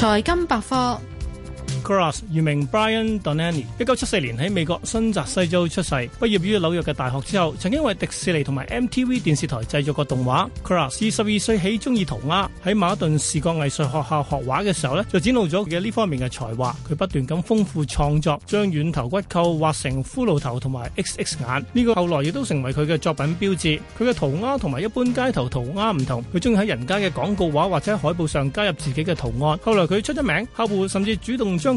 財金百貨。Kaws 原名 Brian Donnelly 一九七四年喺美國新澤西州出世，畢業於紐約嘅大學之後，曾經為迪士尼同埋 MTV 電視台製作過動畫。Kaws 自十二歲起中意塗鴉，喺曼哈頓視覺藝術學校學畫嘅時候咧，就展露咗佢嘅呢方面嘅才華。佢不斷咁豐富創作，將軟頭骨構畫成骷髏頭同埋 X X 眼，呢、這個後來亦都成為佢嘅作品標誌。佢嘅塗鴉同埋一般街頭塗鴉唔同，佢中意喺人家嘅廣告畫或者海報上加入自己嘅圖案。後來佢出咗名，客戶甚至主動將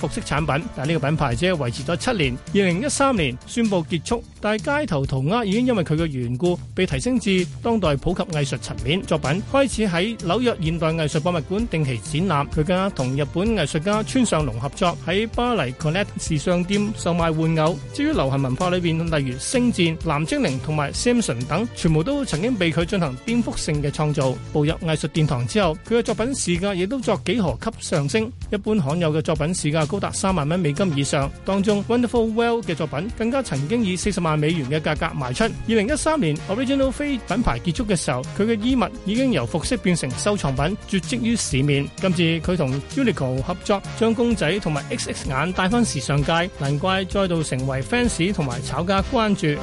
服飾產品，但呢個品牌只係維持咗七年。二零一三年宣布結束，但係街頭塗鴉已經因為佢嘅緣故，被提升至當代普及藝術層面。作品開始喺紐約現代藝術博物館定期展覽。佢更同日本藝術家村上隆合作，喺巴黎 Connect 時尚店售賣玩偶。至於流行文化裏邊，例如星戰、藍精靈同埋 Samson 等，全部都曾經被佢進行顛覆性嘅創造。步入藝術殿堂之後，佢嘅作品市價亦都作幾何級上升，一般罕有嘅作品市價。高達三萬蚊美金以上，當中 Wonderful Well 嘅作品更加曾經以四十萬美元嘅價格賣出。二零一三年 Original Fake 品牌結束嘅時候，佢嘅衣物已經由服飾變成收藏品，絕跡於市面。今次佢同 Uniqlo 合作，將公仔同埋 XX 眼帶翻時尚界，難怪再度成為 fans 同埋炒家關注。